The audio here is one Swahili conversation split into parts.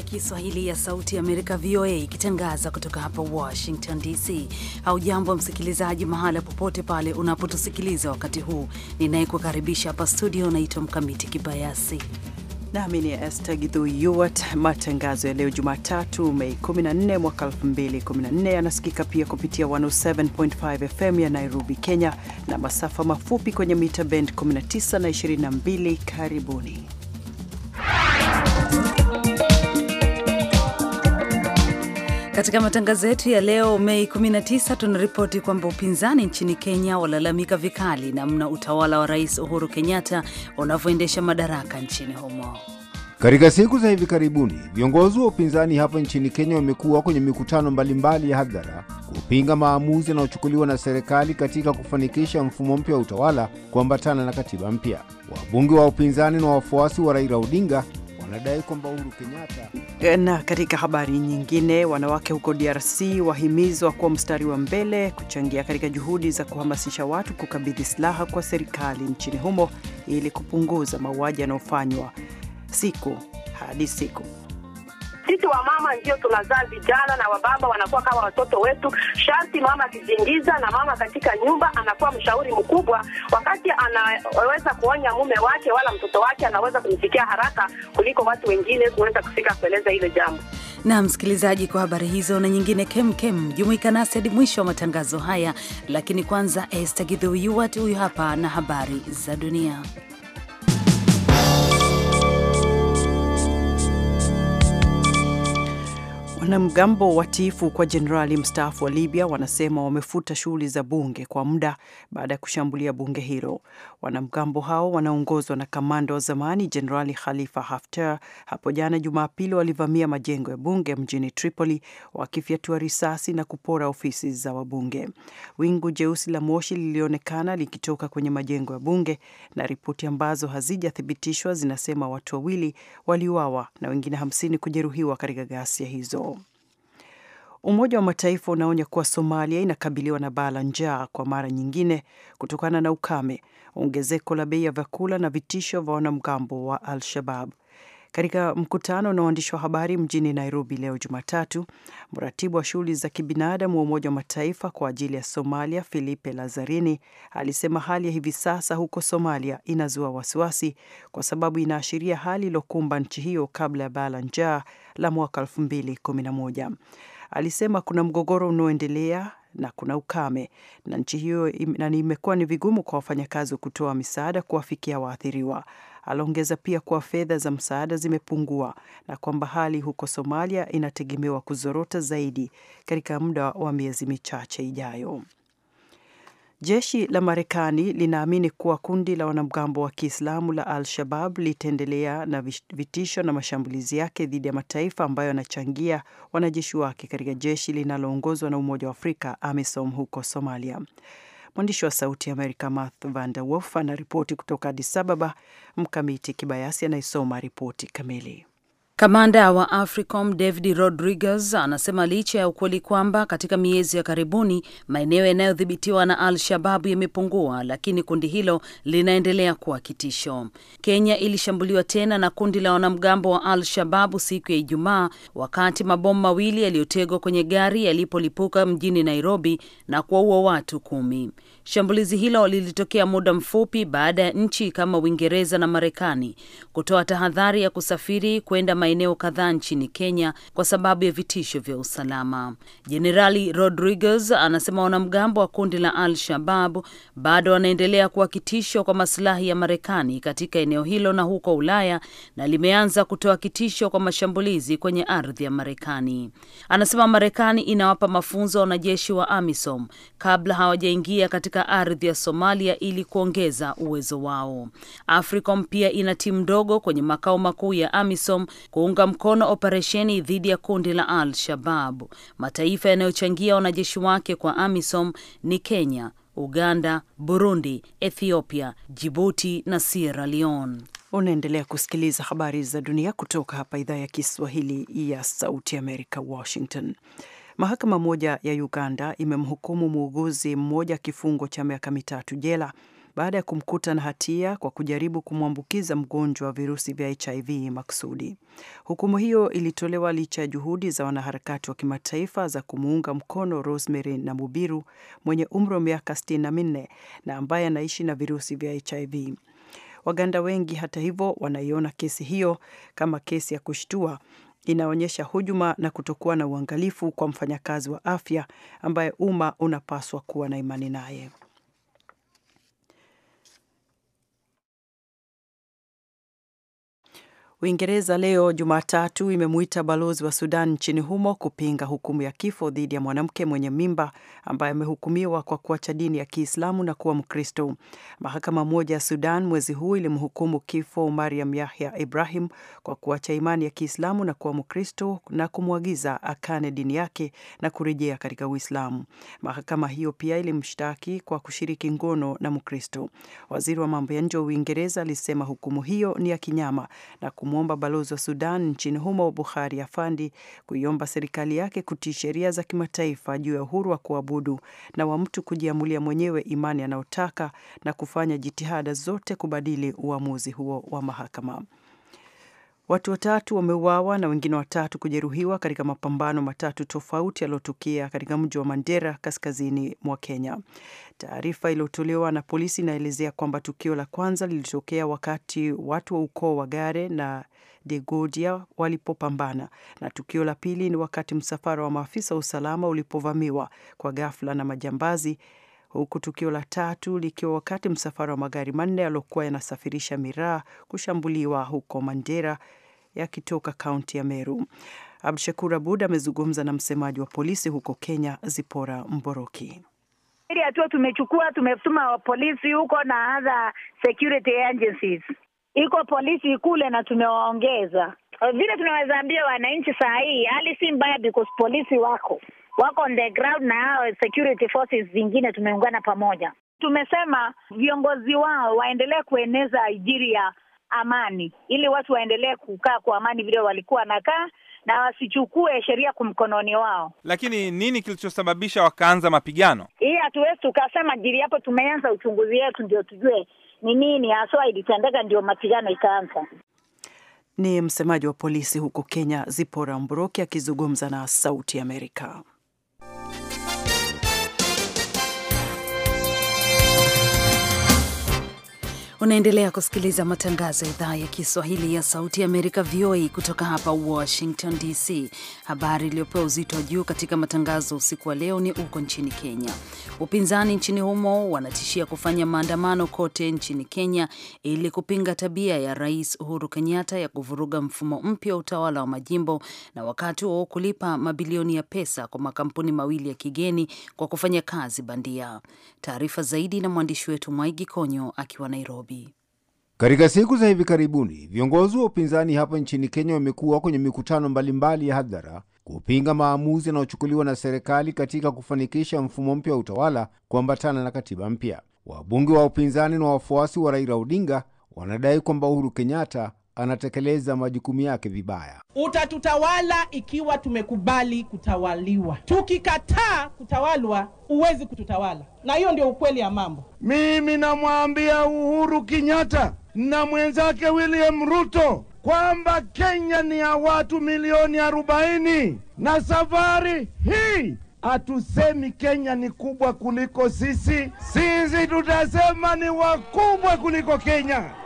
ya Kiswahili ya Sauti ya Amerika, VOA, ikitangaza kutoka hapa Washington DC. Haujambo msikilizaji, mahala popote pale unapotusikiliza wakati huu. Ninayekukaribisha hapa studio naitwa Mkamiti Kibayasi nami ni Esther yuat Matangazo ya leo Jumatatu, Mei 14 mwaka 2014, yanasikika pia kupitia 107.5 FM ya Nairobi, Kenya, na masafa mafupi kwenye mita bend 19 na 22. Karibuni. Katika matangazo yetu ya leo Mei 19 tunaripoti kwamba upinzani nchini Kenya walalamika vikali namna utawala wa Rais Uhuru Kenyatta unavyoendesha madaraka nchini humo. Katika siku za hivi karibuni, viongozi wa upinzani hapa nchini Kenya wamekuwa kwenye mikutano mbalimbali ya hadhara kupinga maamuzi yanayochukuliwa na serikali katika kufanikisha mfumo mpya wa utawala kuambatana na katiba mpya. Wabunge wa upinzani na wafuasi wa Raila Odinga wanadai kwamba Uhuru Kenyatta. Na katika habari nyingine, wanawake huko DRC wahimizwa kuwa mstari wa mbele kuchangia katika juhudi za kuhamasisha watu kukabidhi silaha kwa serikali nchini humo ili kupunguza mauaji yanayofanywa siku hadi siku. Sisi wamama ndio tunazaa vijana na wababa wanakuwa kama watoto wetu. Sharti mama akijiingiza na mama katika nyumba anakuwa mshauri mkubwa, wakati anaweza kuonya mume wake wala mtoto wake, anaweza kumfikia haraka kuliko watu wengine kuweza kufika kueleza hilo jambo. Na msikilizaji, kwa habari hizo na nyingine kemkem, jumuika nasi hadi mwisho wa matangazo haya, lakini kwanza Esther Githuwat huyu hapa na habari za dunia. Wanamgambo watiifu kwa jenerali mstaafu wa Libya wanasema wamefuta shughuli za bunge kwa muda baada ya kushambulia bunge hilo. Wanamgambo hao wanaongozwa na kamanda wa zamani Jenerali Khalifa Haftar hapo jana Jumapili walivamia majengo ya bunge mjini Tripoli wakifyatua risasi na kupora ofisi za wabunge. Wingu jeusi la moshi lilionekana likitoka kwenye majengo ya bunge, na ripoti ambazo hazijathibitishwa zinasema watu wawili waliuawa na wengine hamsini kujeruhiwa katika ghasia hizo. Umoja wa Mataifa unaonya kuwa Somalia inakabiliwa na baa la njaa kwa mara nyingine kutokana na ukame, ongezeko la bei ya vyakula na vitisho vya wanamgambo wa Al-Shabab. Katika mkutano na waandishi wa habari mjini Nairobi leo Jumatatu, mratibu wa shughuli za kibinadamu wa Umoja wa Mataifa kwa ajili ya Somalia, Filipe Lazarini, alisema hali ya hivi sasa huko Somalia inazua wasiwasi kwa sababu inaashiria hali iliyokumba nchi hiyo kabla ya baa la njaa la mwaka 2011. Alisema kuna mgogoro unaoendelea na kuna ukame na nchi hiyo na imekuwa ni vigumu kwa wafanyakazi kutoa misaada kuwafikia waathiriwa. Aliongeza pia kuwa fedha za msaada zimepungua na kwamba hali huko Somalia inategemewa kuzorota zaidi katika muda wa miezi michache ijayo. Jeshi la Marekani linaamini kuwa kundi la wanamgambo wa Kiislamu la Al-Shabab litaendelea na vitisho na mashambulizi yake dhidi ya mataifa ambayo yanachangia wanajeshi wake katika jeshi linaloongozwa na Umoja wa Afrika AMISOM huko Somalia. Mwandishi wa Sauti ya Amerika math Vander Wolf anaripoti kutoka adisababa Ababa. Mkamiti Kibayasi anayesoma ripoti kamili. Kamanda wa AFRICOM David Rodriguez anasema licha ya ukweli kwamba katika miezi ya karibuni maeneo yanayodhibitiwa na Al Shababu yamepungua, lakini kundi hilo linaendelea kuwa kitisho. Kenya ilishambuliwa tena na kundi la wanamgambo wa Al Shababu siku ya Ijumaa wakati mabomu mawili yaliyotegwa kwenye gari yalipolipuka mjini Nairobi na kuwaua watu kumi. Shambulizi hilo lilitokea muda mfupi baada ya nchi kama Uingereza na Marekani kutoa tahadhari ya kusafiri kwenda maeneo kadhaa nchini Kenya kwa sababu ya vitisho vya usalama. Jenerali Rodriguez anasema wanamgambo wa kundi la Al shabab bado wanaendelea kuwa kitisho kwa masilahi ya Marekani katika eneo hilo na huko Ulaya, na limeanza kutoa kitisho kwa mashambulizi kwenye ardhi ya Marekani. Anasema Marekani inawapa mafunzo wanajeshi wa AMISOM kabla hawajaingia katika katika ardhi ya Somalia ili kuongeza uwezo wao. AFRICOM pia ina timu ndogo kwenye makao makuu ya AMISOM kuunga mkono operesheni dhidi ya kundi la Al Shabab. Mataifa yanayochangia wanajeshi wake kwa AMISOM ni Kenya, Uganda, Burundi, Ethiopia, Jibuti na Sierra Leone. Unaendelea kusikiliza habari za dunia kutoka hapa idhaa ya Kiswahili ya Sauti Amerika, Washington. Mahakama moja ya Uganda imemhukumu muuguzi mmoja kifungo cha miaka mitatu jela baada ya kumkuta na hatia kwa kujaribu kumwambukiza mgonjwa wa virusi vya HIV maksudi. Hukumu hiyo ilitolewa licha ya juhudi za wanaharakati wa kimataifa za kumuunga mkono Rosemary Namubiru mwenye umri wa miaka 64 na ambaye anaishi na virusi vya HIV. Waganda wengi hata hivyo wanaiona kesi hiyo kama kesi ya kushtua inaonyesha hujuma na kutokuwa na uangalifu kwa mfanyakazi wa afya ambaye umma unapaswa kuwa na imani naye. Uingereza leo Jumatatu imemwita balozi wa Sudan nchini humo kupinga hukumu ya kifo dhidi ya mwanamke mwenye mimba ambaye amehukumiwa kwa kuacha dini ya Kiislamu na kuwa Mkristo. Mahakama moja ya Sudan mwezi huu ilimhukumu kifo Mariam Yahya Ibrahim kwa kuacha imani ya Kiislamu na kuwa Mkristo na kumwagiza akane dini yake na kurejea katika Uislamu. Mahakama hiyo pia ilimshtaki kwa kushiriki ngono na Mkristo. Waziri wa mambo ya nje wa Uingereza alisema hukumu hiyo ni ya kinyama na kumwomba balozi wa Sudan nchini humo Bukhari Afandi kuiomba serikali yake kutii sheria za kimataifa juu ya uhuru wa kuabudu na wa mtu kujiamulia mwenyewe imani anayotaka na kufanya jitihada zote kubadili uamuzi huo wa mahakama. Watu watatu wameuawa na wengine watatu kujeruhiwa katika mapambano matatu tofauti yaliyotokea katika mji wa Mandera kaskazini mwa Kenya. Taarifa iliyotolewa na polisi inaelezea kwamba tukio la kwanza lilitokea wakati watu wa ukoo wa Gare na Degodia walipopambana na tukio la pili ni wakati msafara wa maafisa wa usalama ulipovamiwa kwa ghafla na majambazi huku tukio la tatu likiwa wakati msafara wa magari manne yaliokuwa yanasafirisha miraa kushambuliwa huko Mandera yakitoka kaunti ya Meru. Abdushakur Abud amezungumza na msemaji wa polisi huko Kenya, Zipora Mboroki. Ili hatua tumechukua, tumetuma polisi huko na other security agencies, iko polisi kule na tumewaongeza vile tunaweza ambia wananchi saa hii hali si mbaya, because polisi wako wako on the ground na hao security forces zingine tumeungana pamoja. Tumesema viongozi wao waendelee kueneza ajiri ya amani, ili watu waendelee kukaa kwa amani vile walikuwa wanakaa na wasichukue sheria kwa mkononi wao. Lakini nini kilichosababisha wakaanza mapigano? Hii hatuwezi tukasema jili hapo, tumeanza uchunguzi wetu ndio tujue ni nini haswa ilitendeka, ndio mapigano ikaanza. Ni msemaji wa polisi huko Kenya, Zipora Mbroki akizungumza na Sauti Amerika. Unaendelea kusikiliza matangazo ya idhaa ya Kiswahili ya Sauti ya Amerika, VOA, kutoka hapa Washington DC. Habari iliyopewa uzito wa juu katika matangazo usiku wa leo ni huko nchini Kenya. Upinzani nchini humo wanatishia kufanya maandamano kote nchini Kenya ili kupinga tabia ya Rais Uhuru Kenyatta ya kuvuruga mfumo mpya wa utawala wa majimbo na wakati wao kulipa mabilioni ya pesa kwa makampuni mawili ya kigeni kwa kufanya kazi bandia. Taarifa zaidi na mwandishi wetu Mwaigi Konyo akiwa Nairobi. Nairobi. Katika siku za hivi karibuni, viongozi wa upinzani hapa nchini Kenya wamekuwa kwenye mikutano mbalimbali ya hadhara kupinga maamuzi yanayochukuliwa na serikali katika kufanikisha mfumo mpya wa utawala kuambatana na katiba mpya. Wabunge wa upinzani na wafuasi wa Raila Odinga wanadai kwamba Uhuru Kenyatta anatekeleza majukumu yake vibaya. Utatutawala ikiwa tumekubali kutawaliwa. Tukikataa kutawalwa, huwezi kututawala, na hiyo ndio ukweli ya mambo. Mimi namwambia Uhuru Kenyatta na mwenzake William Ruto kwamba Kenya ni ya watu milioni arobaini na safari hii hatusemi Kenya ni kubwa kuliko sisi, sisi tutasema ni wakubwa kuliko Kenya.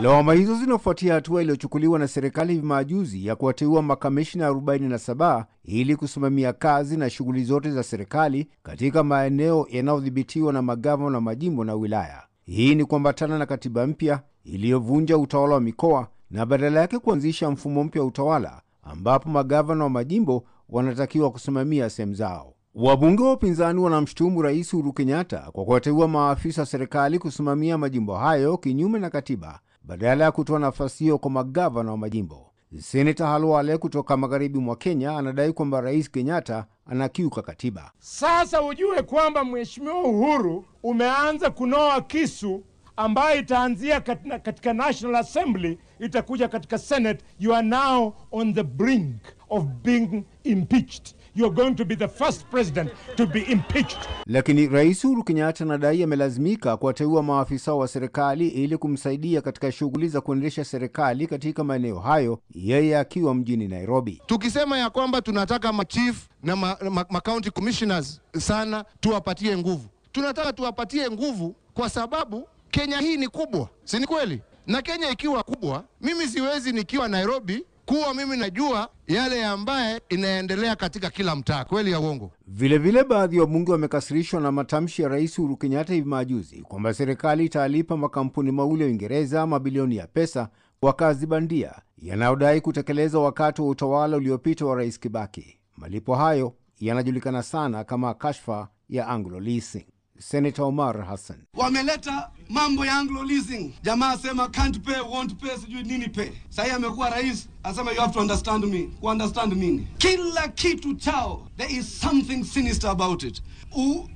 Lawama hizo zinafuatia hatua iliyochukuliwa na serikali hivi majuzi ya kuwateua makamishina 47 ili kusimamia kazi na shughuli zote za serikali katika maeneo yanayodhibitiwa na magavana wa majimbo na wilaya. Hii ni kuambatana na katiba mpya iliyovunja utawala wa mikoa na badala yake kuanzisha mfumo mpya wa utawala ambapo magavana wa majimbo wanatakiwa kusimamia sehemu zao. Wabunge wa upinzani wanamshutumu Rais Uhuru Kenyatta kwa kuwateua maafisa wa serikali kusimamia majimbo hayo kinyume na katiba badala ya kutoa nafasi hiyo kwa magavana wa majimbo. Seneta Halwale kutoka magharibi mwa Kenya anadai kwamba Rais Kenyatta anakiuka katiba. Sasa ujue kwamba Mheshimiwa Uhuru umeanza kunoa kisu ambayo itaanzia katika National Assembly, itakuja katika Senate. You are now on the brink of being impeached you're going to be the first president to be impeached. Lakini Rais Uhuru Kenyatta anadai amelazimika kuwateua maafisa wa serikali ili kumsaidia katika shughuli za kuendesha serikali katika maeneo hayo, yeye akiwa mjini Nairobi. Tukisema ya kwamba tunataka machief na ma, ma, ma county commissioners sana tuwapatie nguvu, tunataka tuwapatie nguvu kwa sababu Kenya hii ni kubwa, si ni kweli? Na Kenya ikiwa kubwa, mimi siwezi nikiwa Nairobi kuwa mimi najua yale ambaye inaendelea katika kila mtaa, kweli ya uongo? Vilevile, baadhi ya wabunge wamekasirishwa na matamshi ya Rais Uhuru Kenyatta hivi majuzi kwamba serikali italipa makampuni mawili ya Uingereza mabilioni ya pesa kwa kazi bandia yanayodai kutekeleza wakati wa utawala uliopita wa Rais Kibaki. Malipo hayo yanajulikana sana kama kashfa ya Anglo Leasing. Senator Omar Hassan. Wameleta mambo ya Anglo leasing, jamaa asema can't pay, won't pay, sijui nini pay. Sahii amekuwa rais asema you have to understand me. understand nini? Kila kitu chao there is something sinister about it.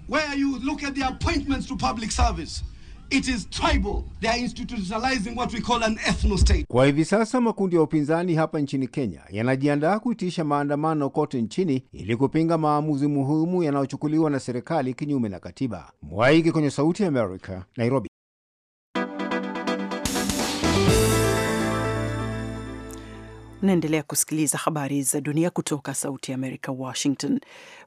Where you look at the appointments to public service It is tribal. They are institutionalizing what we call an ethno state. Kwa hivi sasa makundi ya upinzani hapa nchini Kenya yanajiandaa kuitisha maandamano kote nchini ili kupinga maamuzi muhimu yanayochukuliwa na serikali kinyume na katiba. Mwaiki kwenye Sauti ya America, Nairobi. Naendelea kusikiliza habari za dunia kutoka Sauti ya Amerika, Washington.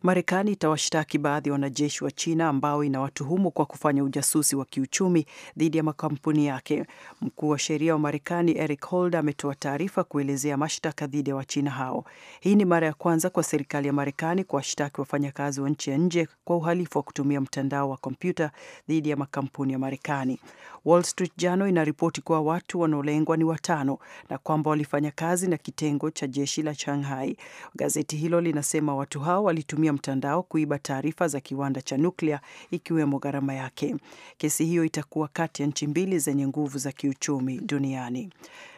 Marekani itawashtaki baadhi ya wanajeshi wa China ambao inawatuhumu kwa kufanya ujasusi wa kiuchumi dhidi ya makampuni yake. Mkuu wa sheria wa Marekani Eric Holder ametoa taarifa kuelezea mashtaka dhidi ya Wachina hao. Hii ni mara ya kwanza kwa serikali ya Marekani kuwashtaki wafanyakazi wa nchi ya nje kwa uhalifu wa kutumia mtandao wa kompyuta dhidi ya makampuni ya Marekani. Wall Street Journal inaripoti kuwa watu wanaolengwa ni watano na kwamba walifanya kazi na kitengo cha jeshi la Shanghai. Gazeti hilo linasema watu hao walitumia mtandao kuiba taarifa za kiwanda cha nuklia ikiwemo gharama yake. Kesi hiyo itakuwa kati ya nchi mbili zenye nguvu za kiuchumi duniani.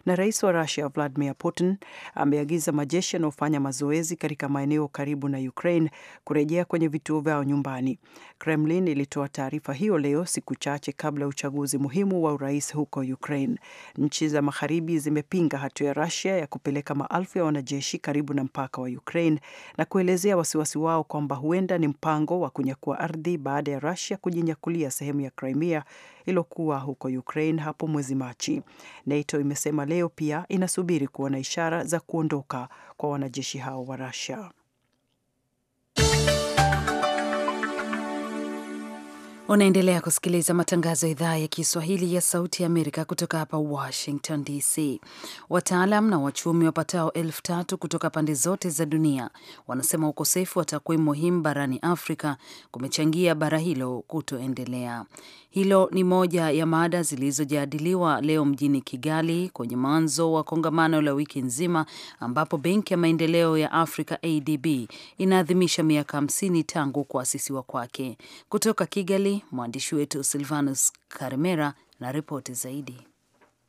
Na rais wa Rusia Vladimir Putin ameagiza majeshi yanayofanya mazoezi katika maeneo karibu na Ukraine kurejea kwenye vituo vyao nyumbani. Kremlin ilitoa taarifa hiyo leo, siku chache kabla ya uchaguzi muhimu wa urais huko Ukraine. Nchi za magharibi zimepinga hatua ya Rusia ya kupeleka maelfu ya wanajeshi karibu na mpaka wa Ukraine na kuelezea wasiwasi wao kwamba huenda ni mpango wa kunyakua ardhi baada ya Rusia kujinyakulia sehemu ya Crimea iliyokuwa huko Ukraine hapo mwezi Machi. NATO imesema leo pia inasubiri kuona ishara za kuondoka kwa wanajeshi hao wa Russia. Unaendelea kusikiliza matangazo ya idhaa ya Kiswahili ya Sauti ya Amerika kutoka hapa Washington DC. Wataalam na wachumi wapatao elfu tatu kutoka pande zote za dunia wanasema ukosefu wa takwimu muhimu barani Afrika kumechangia bara hilo kutoendelea. Hilo ni moja ya mada zilizojadiliwa leo mjini Kigali kwenye mwanzo wa kongamano la wiki nzima ambapo Benki ya Maendeleo ya Afrika ADB inaadhimisha miaka 50 tangu kuasisiwa kwake. Kutoka Kigali, Mwandishi wetu Silvanus Karimera na ripoti zaidi.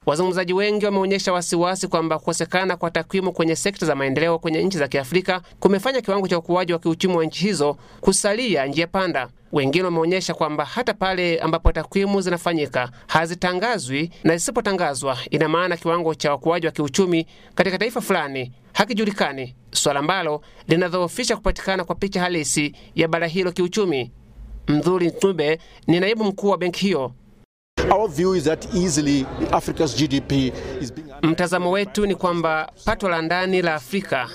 Wazungumzaji wengi wameonyesha wasiwasi kwamba kukosekana kwa takwimu kwenye sekta za maendeleo kwenye nchi za Kiafrika kumefanya kiwango cha ukuaji wa kiuchumi wa nchi hizo kusalia njia panda. Wengine wameonyesha kwamba hata pale ambapo takwimu zinafanyika hazitangazwi, na zisipotangazwa ina maana kiwango cha ukuaji wa kiuchumi katika taifa fulani hakijulikani, swala ambalo linadhoofisha kupatikana kwa picha halisi ya bara hilo kiuchumi. Mdhuri Ntube ni naibu mkuu wa benki hiyo. Mtazamo wetu ni kwamba pato la ndani la Afrika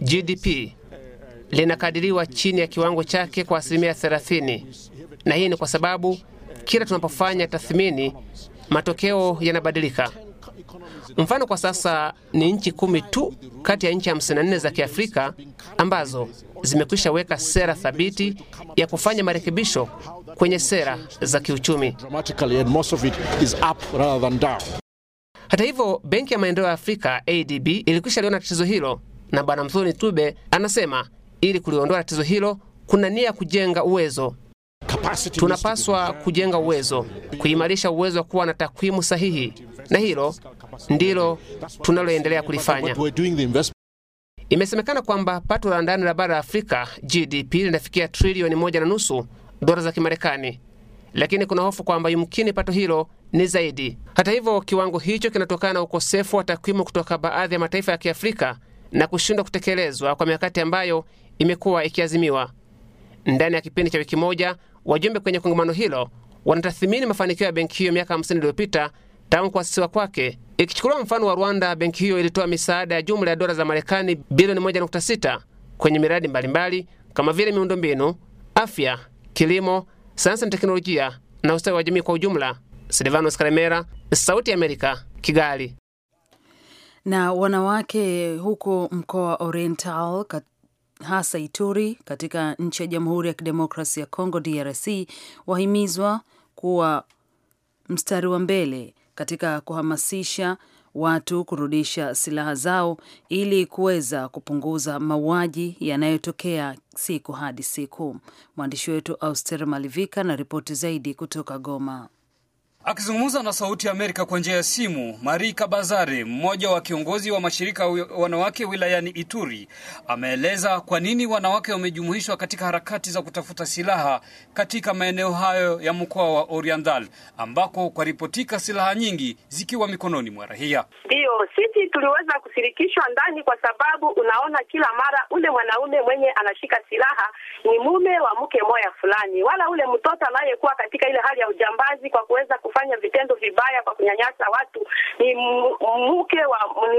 GDP linakadiriwa chini ya kiwango chake kwa asilimia 30, na hii ni kwa sababu kila tunapofanya tathmini matokeo yanabadilika. Mfano, kwa sasa ni nchi kumi tu kati ya nchi 54 za Kiafrika ambazo zimekwisha weka sera thabiti ya kufanya marekebisho kwenye sera za kiuchumi. Hata hivyo, Benki ya Maendeleo ya Afrika ADB ilikwisha liona tatizo hilo, na Bwana Mthoni Tube anasema ili kuliondoa tatizo hilo kuna nia ya kujenga uwezo. Tunapaswa kujenga uwezo, kuimarisha uwezo wa kuwa na takwimu sahihi, na hilo ndilo tunaloendelea kulifanya. Imesemekana kwamba pato la ndani la bara la Afrika GDP linafikia trilioni moja na nusu dola za Kimarekani, lakini kuna hofu kwamba yumkini pato hilo ni zaidi. Hata hivyo, kiwango hicho kinatokana na ukosefu wa takwimu kutoka baadhi ya mataifa ya Kiafrika na kushindwa kutekelezwa kwa mikakati ambayo imekuwa ikiazimiwa. Ndani ya kipindi cha wiki moja, wajumbe kwenye kongamano hilo wanatathimini mafanikio ya benki hiyo miaka 50 iliyopita tangu kuasisiwa kwake. Ikichukuliwa mfano wa Rwanda, benki hiyo ilitoa misaada ya jumla ya dola za Marekani bilioni 1.6 kwenye miradi mbalimbali mbali, kama vile miundombinu, afya, kilimo, sayansi na teknolojia na ustawi wa jamii kwa ujumla. Silvanos Karemera, Sauti ya Amerika, Kigali. Na wanawake huko mkoa Oriental kat hasa Ituri katika nchi ya Jamhuri ya Kidemokrasia ya Kongo DRC wahimizwa kuwa mstari wa mbele katika kuhamasisha watu kurudisha silaha zao ili kuweza kupunguza mauaji yanayotokea siku hadi siku. Mwandishi wetu Auster Malivika na ripoti zaidi kutoka Goma. Akizungumza na Sauti ya Amerika kwa njia ya simu, Marika Bazare, mmoja wa kiongozi wa mashirika wanawake wilayani Ituri, ameeleza kwa nini wanawake wamejumuishwa katika harakati za kutafuta silaha katika maeneo hayo ya mkoa wa Oriental ambako kwaripotika silaha nyingi zikiwa mikononi mwa raia. Ndiyo, sisi tuliweza kushirikishwa ndani, kwa sababu unaona kila mara ule mwanaume mwenye anashika silaha ni mume wa mke moya fulani, wala ule mtoto anayekuwa katika ile hali ya ujambazi kwa kuweza kufanya vitendo vibaya kwa kunyanyasa watu ni mke wa ni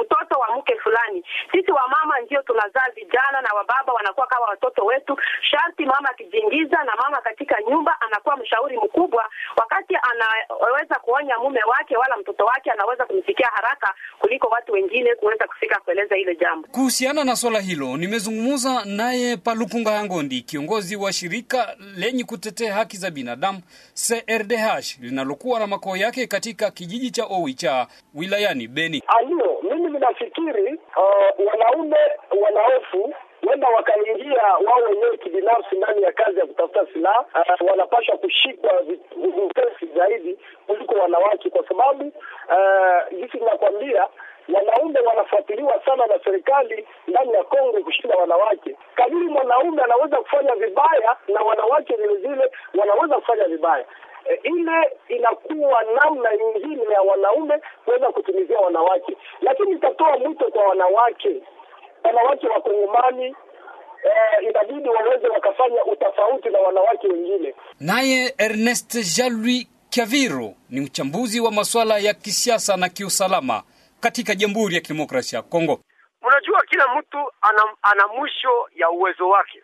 mtoto wa mke fulani. Sisi wa mama ndio tunazaa vijana na wababa wanakuwa kama watoto wetu. Sharti mama akijiingiza na mama katika nyumba anakuwa mshauri mkubwa, wakati anaweza kuonya mume wake wala mtoto wake, anaweza kumfikia haraka kuliko watu wengine kuweza kufika kueleza ile jambo. Kuhusiana na swala hilo, nimezungumza naye Palukunga hangondi kiongozi wa shirika lenye kutetea haki za binadamu CRDH linalokuwa na makao yake katika kijiji cha Owicha wilayani Beni. Aliyo ah, mimi ninafikiri uh, wanaume wanaofu wenda wakaingia wao wenyewe kibinafsi ndani ya kazi ya kutafuta silaha, uh, wanapaswa kushikwa vitesi zaidi kuliko wanawake, kwa sababu uh, ninakwambia wanaume wanafuatiliwa sana na serikali ndani ya Kongo kushinda wanawake. Kadiri mwanaume anaweza kufanya vibaya, na wanawake vile vile wanaweza kufanya vibaya e, ile inakuwa namna nyingine ya wanaume kuweza kutumizia wanawake, lakini itatoa mwito kwa wanawake, wanawake wakongomani Eh, inabidi waweze wakafanya utofauti na wanawake wengine. Naye Ernest Jalui Kaviru ni mchambuzi wa masuala ya kisiasa na kiusalama katika Jamhuri ya Kidemokrasia ya Kongo. Unajua, kila mtu ana mwisho ya uwezo wake.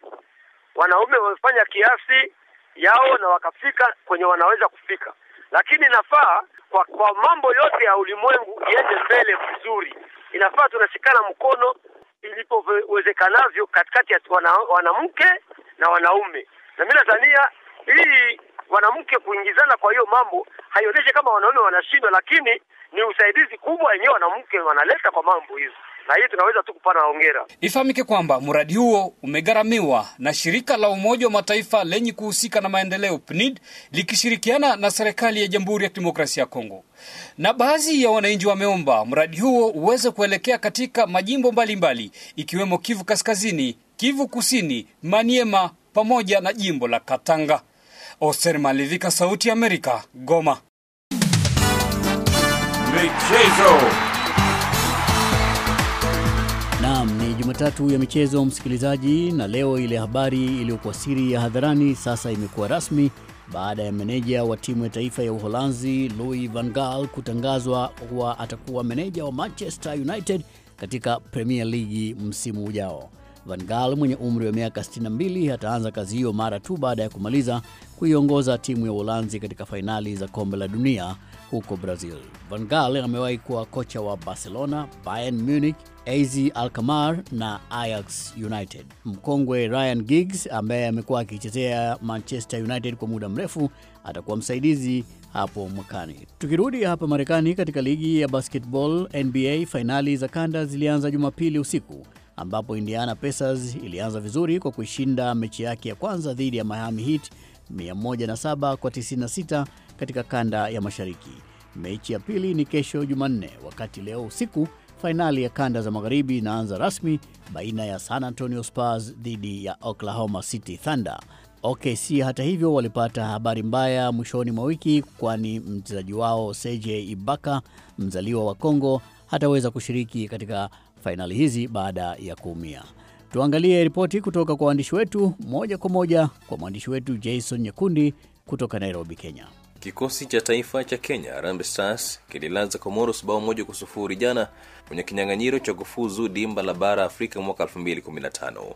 Wanaume wamefanya kiasi, yao na wakafika kwenye wanaweza kufika, lakini inafaa kwa, kwa mambo yote ya ulimwengu iende mbele vizuri, inafaa tunashikana mkono ilipowezekanavyo katikati ya wanamke wana na wanaume, na mimi nadhania hii wanamke kuingizana kwa hiyo mambo haionyeshi kama wanaume wanashindwa, lakini ni usaidizi kubwa yenyewe wanamke wanaleta kwa mambo hizo na hii tunaweza tu kupana hongera. Ifahamike kwamba mradi huo umegharamiwa na shirika la Umoja wa Mataifa lenye kuhusika na maendeleo PNID likishirikiana na serikali ya Jamhuri ya Kidemokrasia ya Kongo, na baadhi ya wananchi wameomba mradi huo uweze kuelekea katika majimbo mbalimbali mbali, ikiwemo Kivu Kaskazini, Kivu Kusini, Maniema pamoja na jimbo la Katanga. Oser Malivika, Sauti ya Amerika, Goma. Michezo. Naam, ni Jumatatu ya michezo msikilizaji, na leo ile habari iliyokuwa siri ya hadharani sasa imekuwa rasmi baada ya meneja wa timu ya taifa ya Uholanzi Louis van Gaal kutangazwa kuwa atakuwa meneja wa Manchester United katika Premier League msimu ujao. Van Gaal mwenye umri wa miaka 62 ataanza kazi hiyo mara tu baada ya kumaliza kuiongoza timu ya Uholanzi katika fainali za kombe la dunia huko Brazil. Van Gaal amewahi kuwa kocha wa Barcelona, Bayern Munich AZ alkamar na Ajax United. Mkongwe Ryan Giggs ambaye amekuwa akichezea Manchester United kwa muda mrefu atakuwa msaidizi hapo mwakani. Tukirudi hapa Marekani, katika ligi ya basketball NBA, fainali za kanda zilianza Jumapili usiku ambapo Indiana Pacers ilianza vizuri kwa kuishinda mechi yake ya kwanza dhidi ya Miami Heat 107 kwa 96 katika kanda ya Mashariki. Mechi ya pili ni kesho Jumanne, wakati leo usiku fainali ya kanda za magharibi inaanza rasmi baina ya San Antonio Spurs dhidi ya Oklahoma City Thunder. OKC hata hivyo walipata habari mbaya mwishoni mwa wiki, kwani mchezaji wao Serge Ibaka mzaliwa wa Kongo hataweza kushiriki katika fainali hizi baada ya kuumia. Tuangalie ripoti kutoka kwa waandishi wetu moja kwa moja kwa mwandishi wetu Jason Nyekundi kutoka Nairobi, Kenya. Kikosi cha taifa cha Kenya Harambee Stars kililaza Comoros bao moja kwa sufuri jana kwenye kinyang'anyiro cha kufuzu dimba la bara Afrika mwaka 2015.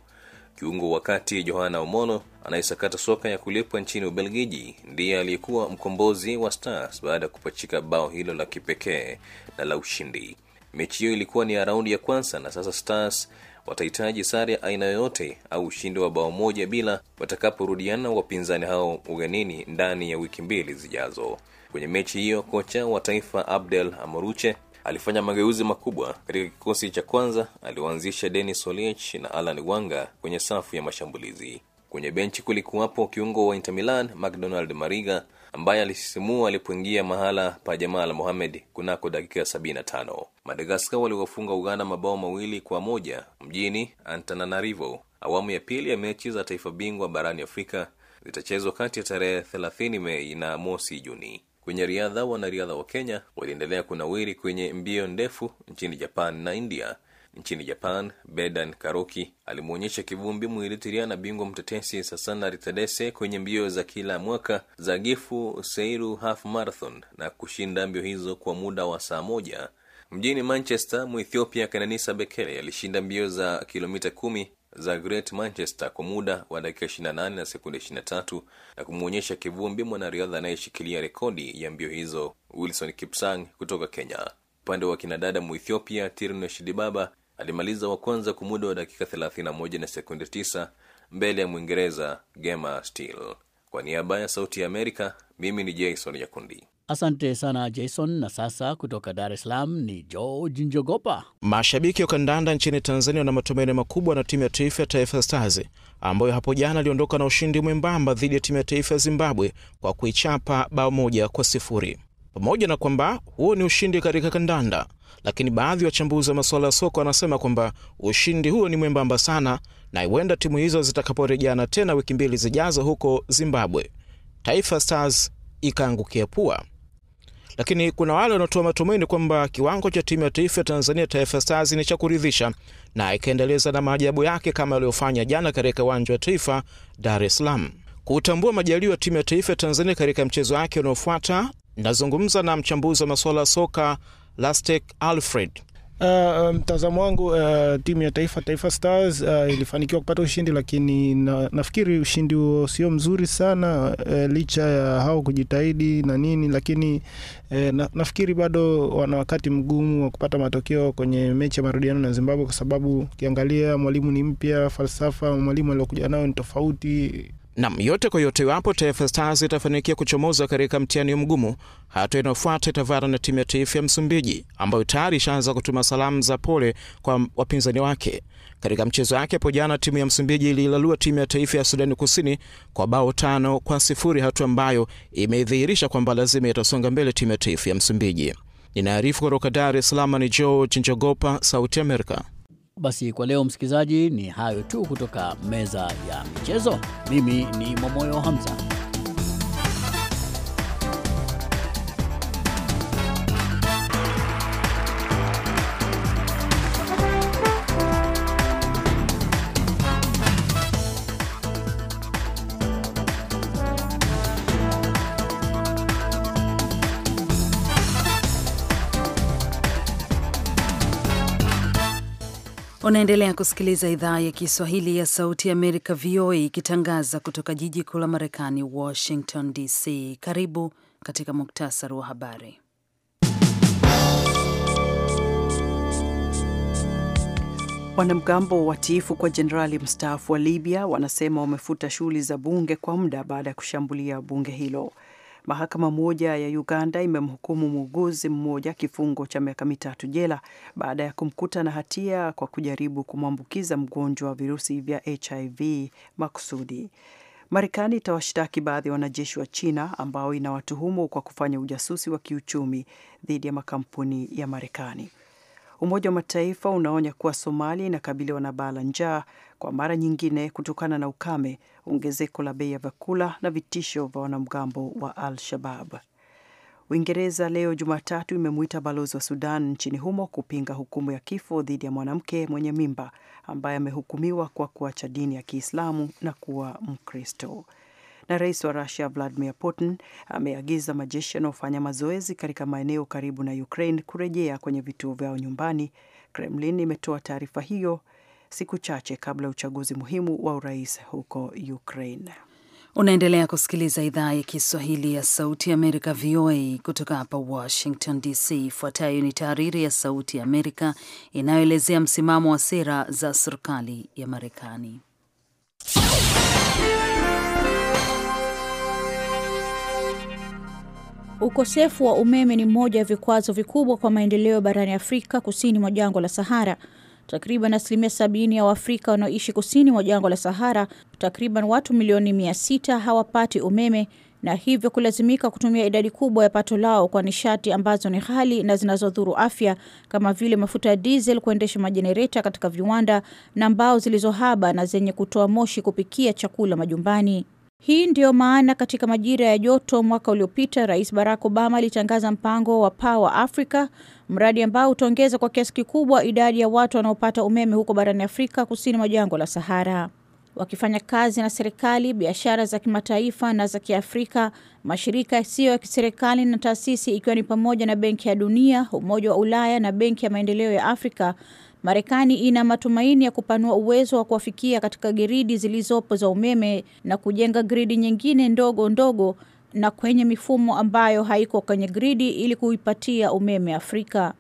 Kiungo wakati Johana Omono anayesakata soka ya kulipwa nchini Ubelgiji ndiye aliyekuwa mkombozi wa Stars baada ya kupachika bao hilo la kipekee na la ushindi. Mechi hiyo ilikuwa ni ya raundi ya kwanza na sasa Stars watahitaji sare aina yoyote au ushindi wa bao moja bila watakaporudiana wapinzani hao ugenini ndani ya wiki mbili zijazo. Kwenye mechi hiyo, kocha wa taifa Abdel Amoruche alifanya mageuzi makubwa katika kikosi cha kwanza. aliyoanzisha Denis Oliech na Alan Wanga kwenye safu ya mashambulizi. Kwenye benchi kulikuwapo kiungo wa Inter Milan McDonald Mariga ambaye alisisimua alipoingia mahala pa la Mohamed kunako dakika ya 75. Madagaskar waliwafunga Uganda mabao mawili kwa moja mjini Antananarivo. Awamu ya pili ya mechi za taifa bingwa barani Afrika zitachezwa kati ya tarehe thelathini Mei na mosi Juni. Kwenye riadha, wanariadha wa Kenya waliendelea kunawiri kwenye mbio ndefu nchini Japan na India Nchini Japan, Bedan karoki alimwonyesha kivumbi na bingwa mtetesi Sasana Ritadese kwenye mbio za kila mwaka za Gifu Seiru Half Marathon na kushinda mbio hizo kwa muda wa saa moja. Mjini Manchester, Muethiopia kananisa Bekele alishinda mbio za kilomita kumi za Great Manchester kwa muda wa dakika 28 na sekunde 23 na kumwonyesha kivumbi mwanariadha anayeshikilia rekodi ya mbio hizo Wilson Kipsang kutoka Kenya. Upande wa kinadada Muethiopia Tirnesh Dibaba alimaliza wa kwanza kwa muda wa dakika 31 na sekunde 9 mbele ya mwingereza gema steel kwa niaba ya sauti ya amerika mimi ni jason yakundi Asante sana Jason. Na sasa kutoka Dar es Salaam ni George Njogopa. Mashabiki wa kandanda nchini Tanzania wana matumaini makubwa na timu ya taifa ya Taifa Stars ambayo hapo jana aliondoka na ushindi mwembamba dhidi ya timu ya taifa ya Zimbabwe kwa kuichapa bao moja kwa sifuri. Pamoja na kwamba huo ni ushindi katika kandanda, lakini baadhi ya wachambuzi wa masuala ya soka wanasema kwamba ushindi huo ni mwembamba sana, na huenda timu hizo zitakaporejeana tena wiki mbili zijazo huko Zimbabwe, Taifa Stars ikaangukia pua. Lakini kuna wale wanaotoa matumaini kwamba kiwango cha timu ya taifa ya Tanzania, Taifa Stars, ni cha kuridhisha na ikaendeleza na maajabu yake kama aliyofanya jana katika uwanja wa Taifa, Dar es Salaam. Kutambua majaliwa timu ya taifa ya Tanzania katika mchezo wake unaofuata Nazungumza na mchambuzi wa masuala ya soka Lastek Alfred. Uh, um, mtazamo wangu uh, timu ya taifa Taifa Stars uh, ilifanikiwa kupata ushindi, lakini na, nafikiri ushindi huo sio mzuri sana uh, licha ya hao kujitahidi na nini, lakini uh, na, nafikiri bado wana wakati mgumu wa kupata matokeo kwenye mechi ya marudiano na Zimbabwe, kwa sababu ukiangalia mwalimu ni mpya, falsafa mwalimu aliokuja nayo ni tofauti Nam, yote kwa yote, iwapo Taifa Stars itafanikia kuchomoza katika mtihani mgumu, hatua inayofuata itavara na timu ya taifa ya Msumbiji ambayo tayari ishaanza kutuma salamu za pole kwa wapinzani wake. Katika mchezo wake hapo jana, timu ya Msumbiji ililalua timu ya taifa ya Sudani Kusini kwa bao tano kwa sifuri, hatua ambayo imedhihirisha kwamba lazima itasonga mbele timu ya taifa ya Msumbiji. Ninaarifu kutoka Dar es Salaam ni George Njogopa, Sauti america basi kwa leo, msikilizaji, ni hayo tu kutoka meza ya michezo. Mimi ni Momoyo Hamza. Unaendelea kusikiliza idhaa ya Kiswahili ya Sauti ya Amerika, VOA, ikitangaza kutoka jiji kuu la Marekani, Washington DC. Karibu katika muktasari wa habari. Wanamgambo watiifu kwa jenerali mstaafu wa Libya wanasema wamefuta shughuli za bunge kwa muda baada ya kushambulia bunge hilo. Mahakama moja ya Uganda imemhukumu muuguzi mmoja kifungo cha miaka mitatu jela baada ya kumkuta na hatia kwa kujaribu kumwambukiza mgonjwa wa virusi vya HIV makusudi. Marekani itawashtaki baadhi ya wanajeshi wa China ambao inawatuhumu kwa kufanya ujasusi wa kiuchumi dhidi ya makampuni ya Marekani. Umoja wa Mataifa unaonya kuwa Somalia inakabiliwa na baa la njaa kwa mara nyingine kutokana na ukame, ongezeko la bei ya vyakula na vitisho vya wanamgambo wa Al-Shabab. Uingereza leo Jumatatu imemwita balozi wa Sudan nchini humo kupinga hukumu ya kifo dhidi ya mwanamke mwenye mimba ambaye amehukumiwa kwa kuacha dini ya Kiislamu na kuwa Mkristo na rais wa Rusia Vladimir Putin ameagiza majeshi yanayofanya mazoezi katika maeneo karibu na Ukraine kurejea kwenye vituo vyao nyumbani. Kremlin imetoa taarifa hiyo siku chache kabla ya uchaguzi muhimu wa urais huko Ukraine. Unaendelea kusikiliza idhaa ya Kiswahili ya Sauti ya Amerika, VOA, kutoka hapa Washington DC. Ifuatayo ni tahariri ya Sauti ya Amerika inayoelezea msimamo wa sera za serikali ya Marekani. Ukosefu wa umeme ni moja ya vikwazo vikubwa kwa maendeleo barani Afrika kusini mwa jangwa la Sahara. Takriban asilimia sabini ya Waafrika wanaoishi kusini mwa jangwa la Sahara, takriban watu milioni mia sita hawapati umeme na hivyo kulazimika kutumia idadi kubwa ya pato lao kwa nishati ambazo ni ghali na zinazodhuru afya kama vile mafuta ya diesel kuendesha majenereta katika viwanda na mbao zilizohaba na zenye kutoa moshi kupikia chakula majumbani. Hii ndiyo maana katika majira ya joto mwaka uliopita Rais Barack Obama alitangaza mpango wa Power Africa, mradi ambao utaongeza kwa kiasi kikubwa idadi ya watu wanaopata umeme huko barani Afrika kusini mwa jangwa la Sahara. Wakifanya kazi na serikali, biashara za kimataifa na za Kiafrika, mashirika yasiyo ya kiserikali na taasisi, ikiwa ni pamoja na Benki ya Dunia, Umoja wa Ulaya na Benki ya Maendeleo ya Afrika Marekani ina matumaini ya kupanua uwezo wa kuwafikia katika gridi zilizopo za umeme na kujenga gridi nyingine ndogo ndogo na kwenye mifumo ambayo haiko kwenye gridi ili kuipatia umeme Afrika.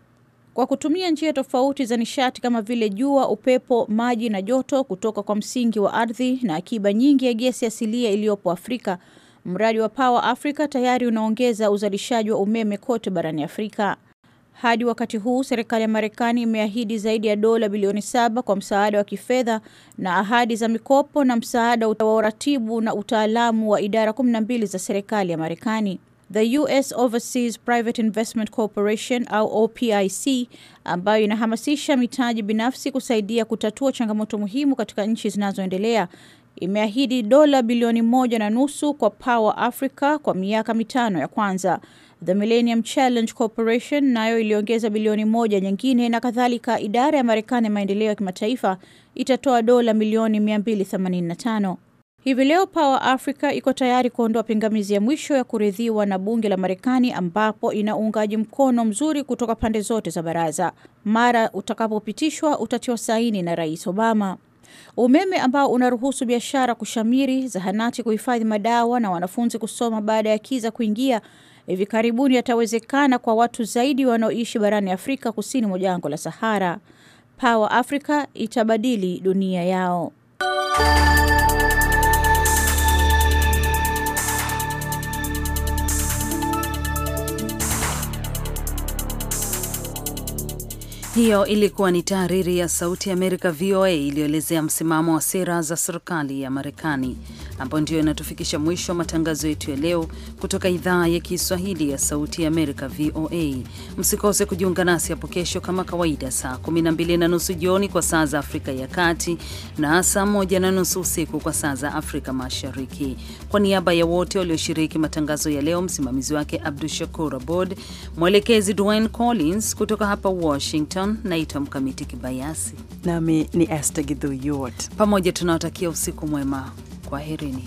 Kwa kutumia njia tofauti za nishati kama vile jua, upepo, maji na joto kutoka kwa msingi wa ardhi na akiba nyingi ya gesi asilia iliyopo Afrika, mradi wa Power Africa tayari unaongeza uzalishaji wa umeme kote barani Afrika. Hadi wakati huu serikali ya Marekani imeahidi zaidi ya dola bilioni saba kwa msaada wa kifedha na ahadi za mikopo na msaada wa uratibu na utaalamu wa idara kumi na mbili za serikali ya Marekani. The US Overseas Private Investment Corporation au OPIC ambayo inahamasisha mitaji binafsi kusaidia kutatua changamoto muhimu katika nchi zinazoendelea imeahidi dola bilioni moja na nusu kwa Power Africa kwa miaka mitano ya kwanza. The Millennium Challenge Corporation nayo iliongeza bilioni moja nyingine na kadhalika. Idara ya Marekani ya maendeleo ya kimataifa itatoa dola milioni 285. Hivi leo Power Africa iko tayari kuondoa pingamizi ya mwisho ya kuridhiwa na bunge la Marekani, ambapo ina uungaji mkono mzuri kutoka pande zote za baraza. Mara utakapopitishwa utatiwa saini na Rais Obama. Umeme ambao unaruhusu biashara kushamiri, zahanati kuhifadhi madawa na wanafunzi kusoma baada ya kiza kuingia hivi karibuni yatawezekana kwa watu zaidi wanaoishi barani Afrika kusini mwa jangwa la Sahara. Power Africa itabadili dunia yao. Hiyo ilikuwa ni tahariri ya Sauti ya Amerika, VOA, iliyoelezea msimamo wa sera za serikali ya Marekani ambayo ndiyo inatufikisha mwisho wa matangazo yetu ya leo kutoka idhaa ya Kiswahili ya Sauti ya Amerika, VOA. Msikose kujiunga nasi hapo kesho kama kawaida, saa 12 na nusu jioni kwa saa za Afrika ya Kati na saa 1 na nusu usiku kwa saa za Afrika Mashariki. Kwa niaba ya wote walioshiriki matangazo ya leo, msimamizi wake Abdu Shakur Abod, mwelekezi Dwayne Collins kutoka hapa Washington, naitwa Mkamiti Kibayasi nami ni Esther Githu Yot. Pamoja tunawatakia usiku mwema. Kwaherini.